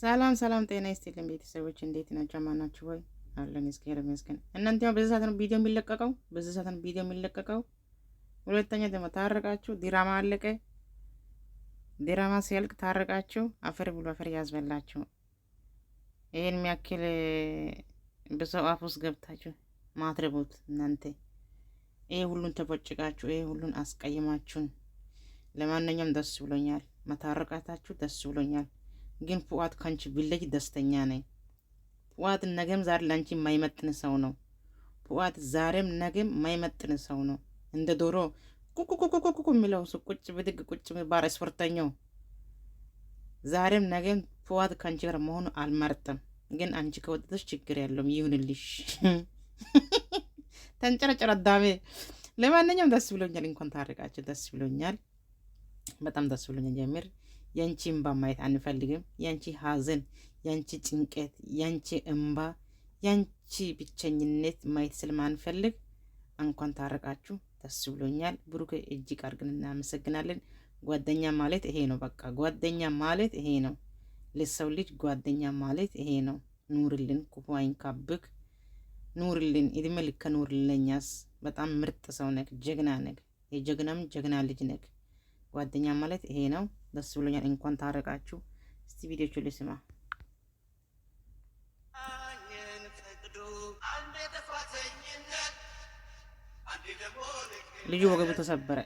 ሰላም ሰላም፣ ጤና ይስጥልኝ ቤተሰቦች፣ እንዴት ናቸው? ማናችሁ ወይ አለን። እግዚአብሔር ይመስገን። እናንተ ያው በዚህ ሰዓት ነው ቪዲዮ የሚለቀቀው፣ በዚህ ሰዓት ነው ቪዲዮ የሚለቀቀው። ሁለተኛ ደግሞ ታረቃችሁ፣ ዲራማ አለቀ። ዲራማ ሲያልቅ ታረቃችሁ፣ አፈር ብሎ አፈር ያዝበላችሁ። ይሄን የሚያክል በሰው አፍ ውስጥ ገብታችሁ ማትረቡት እናንተ ይሄ ሁሉን ተቦጭቃችሁ፣ ይሄ ሁሉን አስቀይማችሁን። ለማንኛውም ደስ ብሎኛል፣ መታረቃታችሁ ደስ ብሎኛል። ግን ፍዋት ካንቺ ቢለይ ደስተኛ ነኝ። ፉአድ ነገም ዛሬ ላንቺ የማይመጥን ሰው ነው። ፉአድ ዛሬም ነገም የማይመጥን ሰው ነው። እንደ ዶሮ ቁቁቁቁቁቁ የሚለው ቁጭ ብድግ ቁጭ ባር ስፖርተኛው ዛሬም ነገም ፉአድ ካንቺ ጋር መሆኑ አልመርጥም። ግን አንቺ ከወደደሽ ችግር ያለውም ይሁንልሽ። ተንጨረጨረ ዳሜ። ለማንኛውም ደስ ብሎኛል። እንኳን ታረቃችሁ ደስ ብሎኛል። በጣም ደስ ብሎኛል ጀምር ያንቺ እምባ ማየት አንፈልግም። ያንቺ ሀዘን ያንቺ ጭንቀት፣ ያንቺ እምባ፣ ያንቺ ብቸኝነት ማየት ስለማንፈልግ እንኳን ታረቃችሁ ደስ ብሎኛል። ብሩክ እጅግ አድርገን እናመሰግናለን። ጓደኛ ማለት ይሄ ነው። በቃ ጓደኛ ማለት ይሄ ነው። ለሰው ልጅ ጓደኛ ማለት ይሄ ነው። ኑርልን፣ ክፉ አይንካብክ፣ ኑርልን፣ እድሜ ልክ ኑርልኛስ። በጣም ምርጥ ሰው ነክ፣ ጀግና ነክ፣ የጀግናም ጀግና ልጅ ነክ። ጓደኛ ማለት ይሄ ነው። ደስ ብሎኛል። እንኳን ታረቃችሁ። እስቲ ቪዲዮቹ ልስማ። ልጁ ወገቡ ተሰበረ።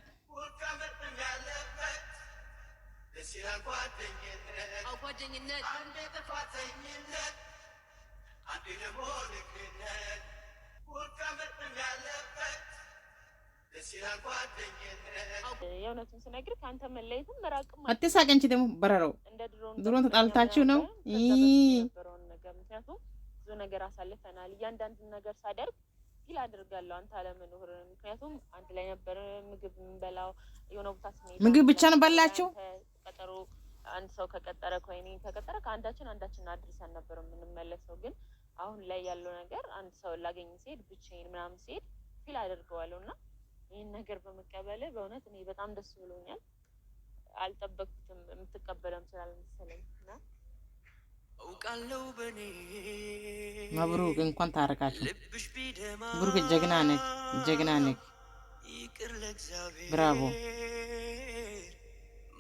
ጓደኝነት የእውነቱን ስነግር ከአንተ መለየትም መራቅም አትሳቅ። አንቺ ደግሞ በረረው ድሮን ተጣልታችሁ ነው። ምክንያቱም ብዙ ነገር አሳልፈናል። እያንዳንዱን ነገር ሳደርግ ፊል አድርጋለሁ አንተ አለመኖር። ምክንያቱም አንድ ላይ ነበር ምግብ የምንበላው የሆነ ቦታ ስንሄድ ምግብ ብቻ ነው በላችሁ። ቀጠሮ አንድ ሰው ከቀጠረ ከወይኔ ከቀጠረ ከአንዳችን አንዳችን አድርሰን ነበር የምንመለሰው። ግን አሁን ላይ ያለው ነገር አንድ ሰው ላገኝ ሲሄድ ብቻዬን ምናምን ሲሄድ ፊል አደርገዋለሁ እና ይህን ነገር በመቀበል በእውነት እኔ በጣም ደስ ብሎኛል። አልጠበቅኩትም። የምትቀበለም ስላልመሰለኝ እና አውቃለሁ በኔ መብሩቅ እንኳን ታረቃችሁ። ብሩክ ጀግና ነህ፣ ጀግና ነህ። ይቅር ለእግዚአብሔር ብራቮ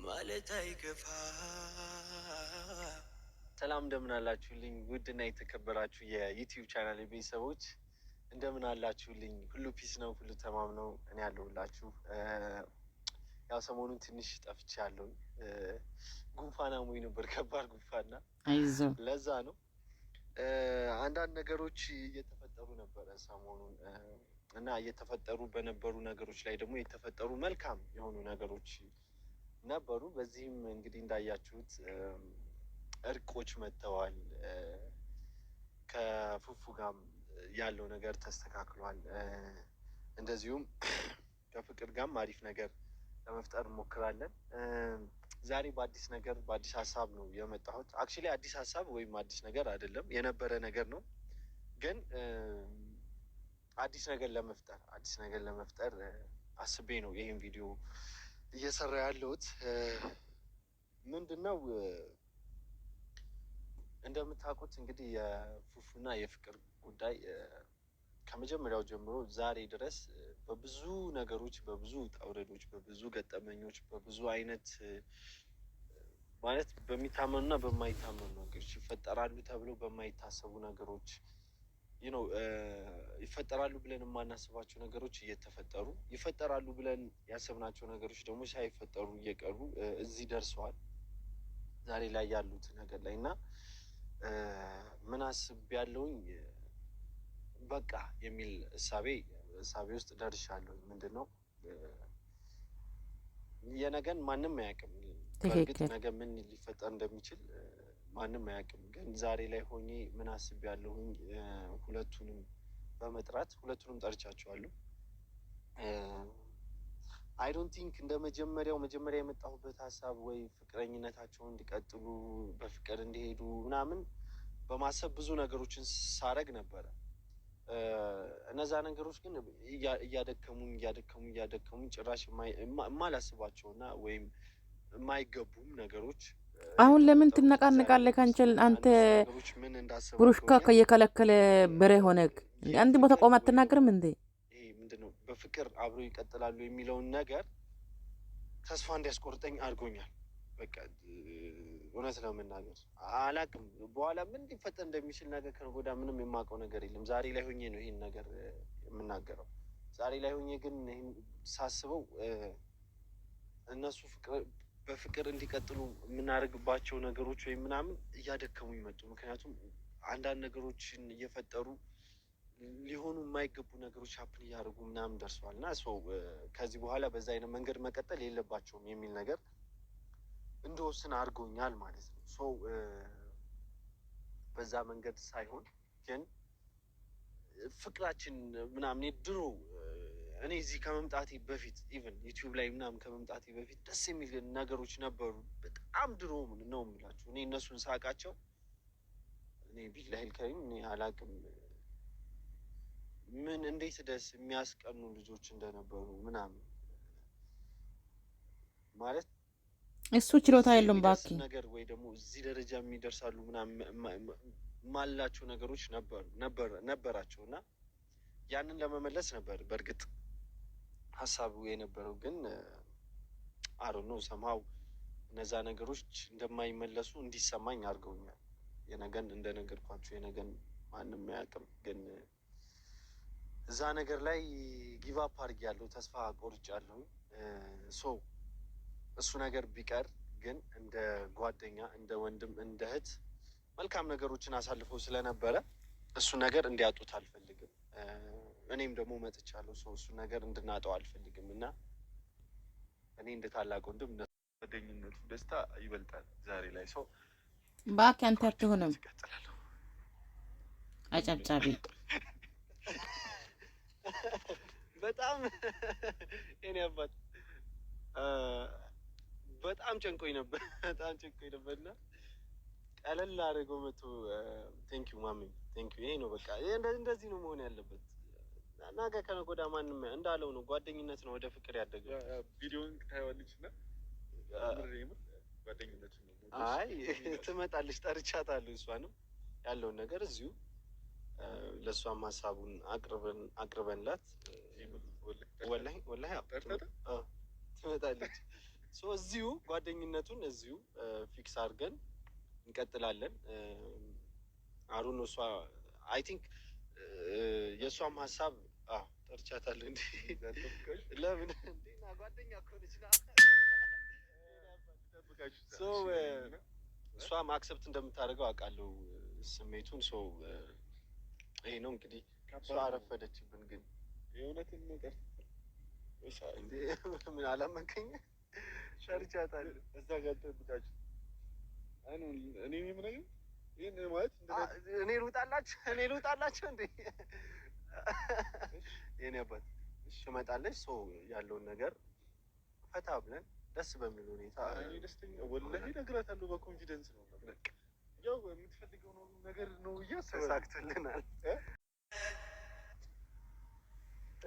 ማለት አይገፋ ሰላም እንደምን አላችሁልኝ? ውድና የተከበራችሁ የዩቲዩብ ቻናል ቤተሰቦች እንደምን አላችሁልኝ? ሁሉ ፒስ ነው፣ ሁሉ ተማም ነው። እኔ ያለሁላችሁ ያው ሰሞኑን ትንሽ ጠፍቼ ያለው ጉንፋን አሞኝ ነበር፣ ከባድ ጉንፋና። ለዛ ነው አንዳንድ ነገሮች እየተፈጠሩ ነበረ ሰሞኑን እና እየተፈጠሩ በነበሩ ነገሮች ላይ ደግሞ የተፈጠሩ መልካም የሆኑ ነገሮች ነበሩ። በዚህም እንግዲህ እንዳያችሁት እርቆች መጥተዋል። ከፉፉ ጋር ያለው ነገር ተስተካክሏል። እንደዚሁም ከፍቅር ጋርም አሪፍ ነገር ለመፍጠር እንሞክራለን። ዛሬ በአዲስ ነገር በአዲስ ሀሳብ ነው የመጣሁት። አክቹዋሊ አዲስ ሀሳብ ወይም አዲስ ነገር አይደለም፣ የነበረ ነገር ነው። ግን አዲስ ነገር ለመፍጠር አዲስ ነገር ለመፍጠር አስቤ ነው ይህን ቪዲዮ እየሰራ ያለሁት ምንድን ነው እንደምታውቁት እንግዲህ የፉፉና የፍቅር ጉዳይ ከመጀመሪያው ጀምሮ ዛሬ ድረስ በብዙ ነገሮች፣ በብዙ ጠውረዶች በብዙ ገጠመኞች፣ በብዙ አይነት ማለት በሚታመኑና በማይታመኑ ነገሮች ይፈጠራሉ ተብሎ በማይታሰቡ ነገሮች ነው ይፈጠራሉ ብለን የማናስባቸው ነገሮች እየተፈጠሩ ይፈጠራሉ ብለን ያሰብናቸው ነገሮች ደግሞ ሳይፈጠሩ እየቀሩ እዚህ ደርሰዋል ዛሬ ላይ ያሉት ነገር ላይ እና ምን አስብ ያለውኝ በቃ የሚል እሳቤ እሳቤ ውስጥ ደርሻለሁ። ምንድን ነው የነገን ማንም አያውቅም። በእርግጥ ነገ ምን ሊፈጠር እንደሚችል ማንም አያውቅም። ግን ዛሬ ላይ ሆኜ ምን አስብ ያለሁኝ ሁለቱንም በመጥራት ሁለቱንም ጠርቻቸዋለሁ። አይ ዶንት ቲንክ እንደ መጀመሪያው መጀመሪያ የመጣሁበት ሀሳብ ወይ ፍቅረኝነታቸውን እንዲቀጥሉ በፍቅር እንዲሄዱ ምናምን በማሰብ ብዙ ነገሮችን ሳረግ ነበረ። እነዛ ነገሮች ግን እያደከሙኝ እያደከሙኝ እያደከሙኝ ጭራሽ የማላስባቸው እና ወይም የማይገቡም ነገሮች አሁን ለምን ትነቃነቃለህ? ካንችል አንተ ብሩሽካ ከየከለከለ በሬ ሆነግ አንድ ቦታ ቆመህ አትናገርም እንዴ? በፍቅር አብሮ ይቀጥላሉ የሚለውን ነገር ተስፋ እንዲያስቆርጠኝ አድርጎኛል። በቃ እውነት ነው የምናገር አላቅም። በኋላ ምን ሊፈጠር እንደሚችል ነገር ከነጎዳ ምንም የማውቀው ነገር የለም። ዛሬ ላይ ሆኜ ነው ይሄን ነገር የምናገረው። ዛሬ ላይ ሆኜ ግን ይህን ሳስበው እነሱ በፍቅር እንዲቀጥሉ የምናደርግባቸው ነገሮች ወይም ምናምን እያደከሙ ይመጡ። ምክንያቱም አንዳንድ ነገሮችን እየፈጠሩ ሊሆኑ የማይገቡ ነገሮች ሀፕን እያደረጉ ምናምን ደርሰዋል እና ሰው ከዚህ በኋላ በዛ አይነት መንገድ መቀጠል የለባቸውም የሚል ነገር እንደወስን አድርገውኛል ማለት ነው። ሰው በዛ መንገድ ሳይሆን ግን ፍቅራችን ምናምን ድሮ እኔ እዚህ ከመምጣቴ በፊት ኢቨን ዩቲዩብ ላይ ምናምን ከመምጣቴ በፊት ደስ የሚል ነገሮች ነበሩ። በጣም ድሮ ነው የምላቸው እኔ እነሱን ሳውቃቸው እኔ ቢላሂል ከሪም እኔ አላቅም ምን እንዴት ደስ የሚያስቀኑ ልጆች እንደነበሩ ምናምን ማለት እሱ ችሎታ የለውም ባኪ ነገር ወይ ደግሞ እዚህ ደረጃ የሚደርሳሉ ምናምን ማላቸው ነገሮች ነበሩ ነበር ነበራቸው እና ያንን ለመመለስ ነበር በእርግጥ ሀሳቡ የነበረው ግን አሮኖ ሰማው እነዛ ነገሮች እንደማይመለሱ እንዲሰማኝ አድርገውኛል። የነገን እንደነገርኳቸው የነገን ማንም አያውቅም ግን እዛ ነገር ላይ ጊቫፕ አድርግ ያለው ተስፋ ቆርጭ ያለው ሶ እሱ ነገር ቢቀር ግን እንደ ጓደኛ እንደ ወንድም እንደ እህት መልካም ነገሮችን አሳልፈው ስለነበረ እሱ ነገር እንዲያጡት አልፈልግም። እኔም ደግሞ መጥቻለሁ። ሰው እሱ ነገር እንድናጠው አልፈልግም እና እኔ እንደ ታላቅ ወንድም ጓደኝነቱ ደስታ ይበልጣል። ዛሬ ላይ ሰው ባክ ያንተ አትሆንም አጨብጫቢ በጣም እኔ አባት በጣም ጨንቆኝ ነበር፣ በጣም ጨንቆኝ ነበር እና ቀለል አድርገው መቶ ቴንኪ ማሚ ቴንኪ። ይሄ ነው በቃ እንደዚህ ነው መሆን ያለበት። ነገ ከነገ ወዲያ ማንም እንዳለው ነው፣ ጓደኝነት ነው ወደ ፍቅር ያደገ። ቪዲዮን ታይዋለች ና ጓደኝነት ነው። አይ ትመጣለች፣ ጠርቻታለሁ እሷንም ያለውን ነገር እዚሁ ለእሷም ሀሳቡን አቅርበንላት ወላሂ ትመጣለች። እዚሁ ጓደኝነቱን እዚሁ ፊክስ አድርገን እንቀጥላለን። አሩን እሷ አይ ቲንክ የእሷም ሀሳብ ጠርቻታለሁ። እንዲ ለምን ጓደኛ እሷም አክሰፕት እንደምታደርገው አውቃለሁ ስሜቱን ይሄ ነው እንግዲህ እሷ አረፈደችብን። ግን የእውነትን ነገር ምን አላመንከኝ ሸርቻታል። እዛ እኔ ይህን ማለት እኔ ልውጣላችሁ፣ እኔ ልውጣላችሁ እንዴ የኔ አባት ሰው ያለውን ነገር ፈታ ብለን ደስ በሚል ሁኔታ ደስተኛ ወላሂ እነግራታለሁ። በኮንፊደንስ ነው በቃ ያው የምትፈልገው ነገር ነው እያሳክትልናል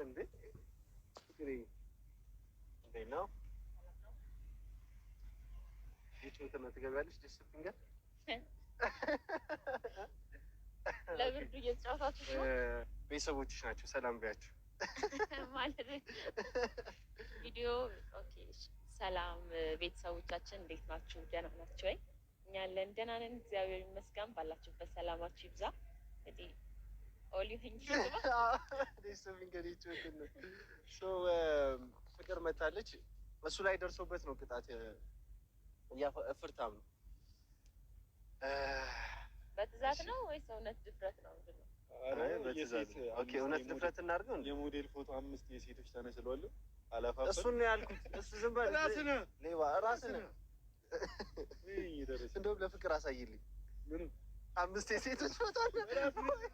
እንዴ እንዴት ነው? ትገቢያለሽ? ደስ ብሎኛል። ለብርዱ እየተጫወታችሁ ነው። ቤተሰቦችሽ ናቸው። ሰላም ቢያችሁ ማለት ቪዲዮ። ኦኬ ሰላም ቤተሰቦቻችን፣ እንዴት ናችሁ? ደህና ናቸው ወይ? እኛ አለን ደህና ነን፣ እግዚአብሔር ይመስገን። ባላችሁበት ሰላማችሁ ይብዛ። እንግዲህ ኦሊሁኝ ስም እንግዲህ ፍቅር መታለች። እሱ ላይ ደርሶበት ነው ቅጣት እፍርታም ነው። በትእዛዝ ነው ወይስ እውነት ድፍረት ነው? እውነት ድፍረት እናድርገው። የሞዴል ፎቶ አምስት የሴቶች ተነስለዋል። እሱን ነው ያልኩት። እሱ ዝም በል ሌባ ራስህ ነህ ቁጥር አሳይልኝ። አምስት የሴቶች ፎቶ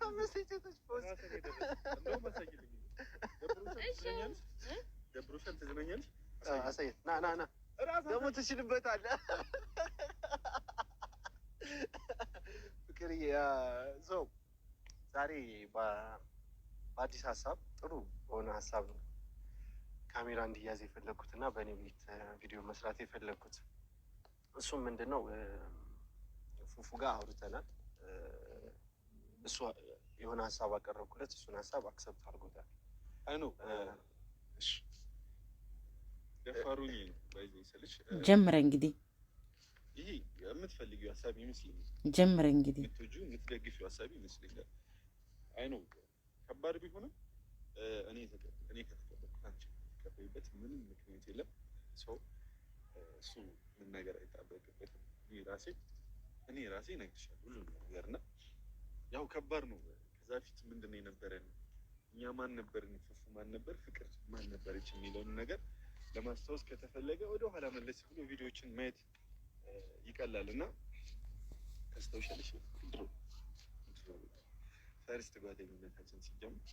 አምስት የሴቶች ፎቶ ደብሮሻል። ትዝናኛለሽ። አሳየት። ና ና ና፣ ደግሞ ትችልበታለህ። ፍቅርዬ ሰው ዛሬ በአዲስ ሀሳብ ጥሩ በሆነ ሀሳብ ነው ካሜራ እንዲያዝ የፈለግኩት እና በእኔ ቤት ቪዲዮ መስራት የፈለግኩት እሱም ምንድን ነው ፉፉ ጋር አውርተናል። እሱ የሆነ ሀሳብ አቀረብኩለት፣ እሱን ሀሳብ አክሰብት አድርጎታል። አይኖ ደፋሩኝ ስልሽ ጀምረ እንግዲህ ይሄ የምትፈልጊው ሀሳብ ይመስለኛል። ጀምረ እንግዲህ የምትወጂው የምትደግፊው ሀሳብ ይመስለኛል። አይኖ ከባድ ቢሆንም እኔ እኔ ከተቀበልኩት አንቺ ምንም ምክንያት የለም። ሰው እሱ ምን ነገር አይጠበቅበትም። ይህ ራሴ እኔ ራሴ እነግርሻለሁ ሁሉ ነገር እና ያው ከባድ ነው። ከዛ ፊት ምንድን ነው የነበረን? እኛ ማን ነበር? ፉፉ ማን ነበር? ፍቅር ማን ነበረች? የሚለውን ነገር ለማስታወስ ከተፈለገ ወደ ኋላ መለስ ብሎ ቪዲዮዎችን ማየት ይቀላል እና ታስታውሻለሽ ድሮ ፈርስት ጓደኝነታችን ሲጀምር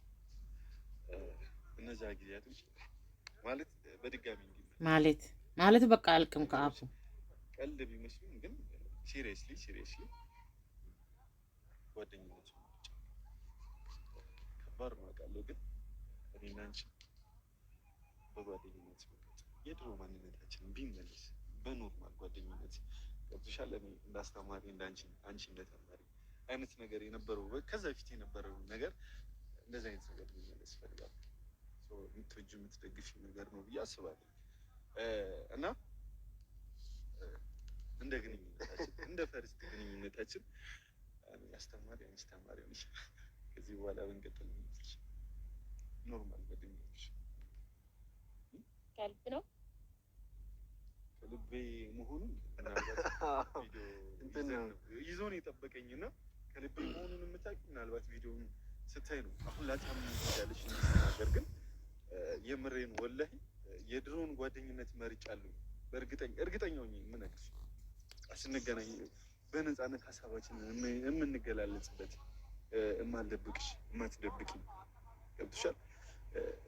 እነዛ ጊዜያቶች ማለት በድጋሚ ማለት ማለት በቃ አልቅም ከአፉ ቀልድ ቢመስሉም ግን ሲሪየስሊ ሲሪየስሊ ጓደኝነት ከባድ ነው አውቃለሁ፣ ግን እኔና አንቺ በጓደኝነት የድሮ ማንነታችንን ቢመለስ በኖርማል ጓደኝነት ገብቶሻል። እኔ እንዳስተማሪ እንዳንቺ አንቺ እንደተማሪ አይነት ነገር የነበረው ከዛ በፊት የነበረው ነገር እንደዚህ አይነት ነገር ቢመለስ እፈልጋለሁ። የምትወጂው የምትደግፊው ነገር ነው ብዬ አስባለሁ እና እንደ ግንኙነታችን እንደ ፈርስት ግንኙነታችን አስተማሪ አስተማሪ ሆነች። ከዚህ በኋላ ብንቀጥል ኖርማል በድንች ከልብ ነው ከልቤ መሆኑን ይዞን የጠበቀኝ እና ከልቤ መሆኑን የምታውቂ ምናልባት ቪዲዮውን ስታይ ነው። አሁን ላጫም ያለች ነገር ግን የምሬን ወላሂ የድሮን ጓደኝነት መርጫለሁ። በእርግጠኛ እርግጠኛው ምን ስንገናኝ በነፃነት ሀሳባችን የምንገላለጽበት እማልደብቅሽ እማትደብቂ ገብቶሻል።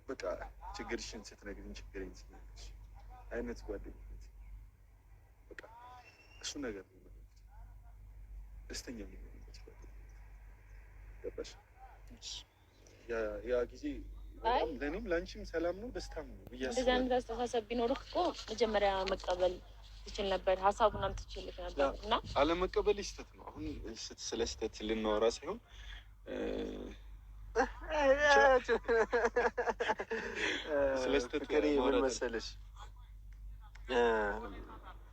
በቃ ችግርሽን ስትነግሪኝ ችግሬን ስትነግሪሽ አይነት ጓደኝነት በቃ እሱ ነገር ደስተኛ የሚሆንበት ገባሽ? ያ ጊዜ ለእኔም ለአንቺም ሰላም ነው ደስታም ነው። እንደዚህ አይነት አስተሳሰብ ቢኖርህ እኮ መጀመሪያ መቀበል ትችል ነበር፣ ሀሳቡን አምትችልት ነበር እና አለመቀበል ስህተት ነው። አሁን ስለ ስህተት ልናወራ ሳይሆን ስለ ምን መሰለሽ፣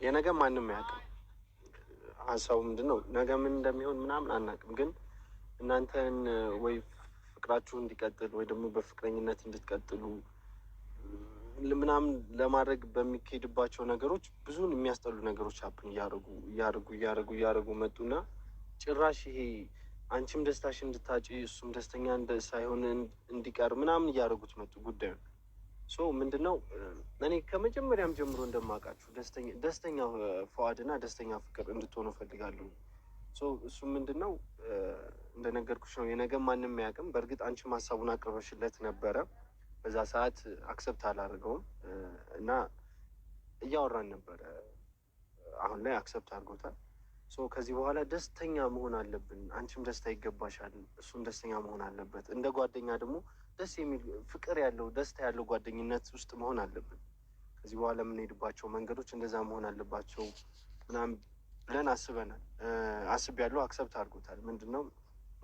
የነገ ማንም አያውቅም። ሀሳቡ ምንድን ነው? ነገ ምን እንደሚሆን ምናምን አናውቅም፣ ግን እናንተን ወይ ፍቅራችሁ እንዲቀጥል ወይ ደግሞ በፍቅረኝነት እንድትቀጥሉ ምናምን ለማድረግ በሚካሄድባቸው ነገሮች ብዙን የሚያስጠሉ ነገሮች አብን እያደረጉ እያደረጉ እያደረጉ እያደረጉ መጡና ጭራሽ ይሄ አንቺም ደስታሽ እንድታጭ እሱም ደስተኛ ሳይሆን እንዲቀር ምናምን እያደረጉት መጡ ጉዳዩ ሶ ምንድነው እኔ ከመጀመሪያም ጀምሮ እንደማውቃችሁ ደስተኛ ፈዋድና ደስተኛ ፍቅር እንድትሆኑ እፈልጋለሁ። እሱ ምንድነው እንደነገርኩሽ ነው። የነገ ማንም አያውቅም። በእርግጥ አንቺም ሀሳቡን አቅርበሽለት ነበረ በዛ ሰዓት አክሰብት አላደርገውም እና እያወራን ነበረ። አሁን ላይ አክሰብት አድርጎታል። ሶ ከዚህ በኋላ ደስተኛ መሆን አለብን። አንቺም ደስታ ይገባሻል፣ እሱም ደስተኛ መሆን አለበት። እንደ ጓደኛ ደግሞ ደስ የሚል ፍቅር ያለው ደስታ ያለው ጓደኝነት ውስጥ መሆን አለብን። ከዚህ በኋላ የምንሄድባቸው መንገዶች እንደዛ መሆን አለባቸው ምናም ብለን አስበናል። ያለው አክሰብት አድርጎታል። ምንድን ነው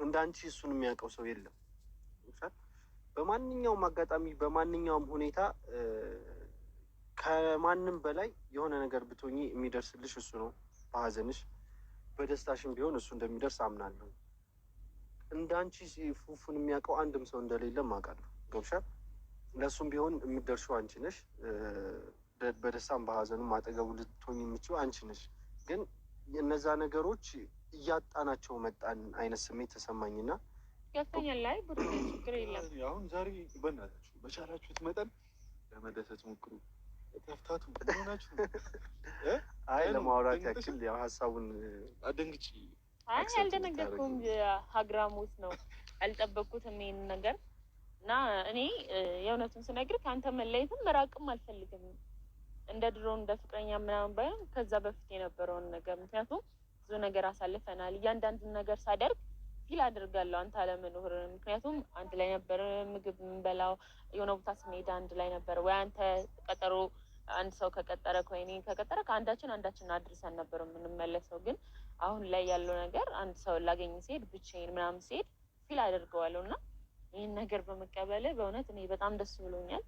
እንደ አንቺ እሱን የሚያውቀው ሰው የለም። በማንኛውም አጋጣሚ በማንኛውም ሁኔታ ከማንም በላይ የሆነ ነገር ብትሆኚ የሚደርስልሽ እሱ ነው። በሀዘንሽ በደስታሽም ቢሆን እሱ እንደሚደርስ አምናለሁ። እንዳንቺ ፉፉን የሚያውቀው አንድም ሰው እንደሌለም አውቃለሁ። ገብሻ ለእሱም ቢሆን የምትደርሺው አንቺ ነሽ። በደስታም በሀዘኑም አጠገቡ ልትሆኝ የምችው አንቺ ነሽ። ግን እነዛ ነገሮች እያጣናቸው መጣን አይነት ስሜት ተሰማኝና ያሰኛል ላይ ብሩ ችግር የለም። አሁን ዛሬ በእናታችሁ በቻላችሁት መጠን ለመደሰት ሞክሩ። ተፍታቱ ሆናችሁ አይ ለማውራት ያክል ያው ሀሳቡን አደንግጭ። አይ አልደነገጥኩም። ሀግራሞት ነው አልጠበቅኩትም ይሄን ነገር እና እኔ የእውነቱን ስነግር ከአንተ መለየትም መራቅም አልፈልግም። እንደ ድሮ እንደ ፍቅረኛ ምናምን ባይሆን ከዛ በፊት የነበረውን ነገር ምክንያቱም ብዙ ነገር አሳልፈናል። እያንዳንዱን ነገር ሳደርግ ፊል አድርጋለሁ አንተ አለመኖር። ምክንያቱም አንድ ላይ ነበር ምግብ የምንበላው የሆነ ቦታ ስንሄድ አንድ ላይ ነበር ወይ አንተ ቀጠሮ አንድ ሰው ከቀጠረ ከወይኔ ከቀጠረ ከአንዳችን አንዳችን አድርሰን ነበር የምንመለሰው። ግን አሁን ላይ ያለው ነገር አንድ ሰው ላገኝ ሲሄድ ብቻዬን ምናምን ሲሄድ ፊል አድርገዋለሁ እና ይህን ነገር በመቀበል በእውነት እኔ በጣም ደስ ብሎኛል።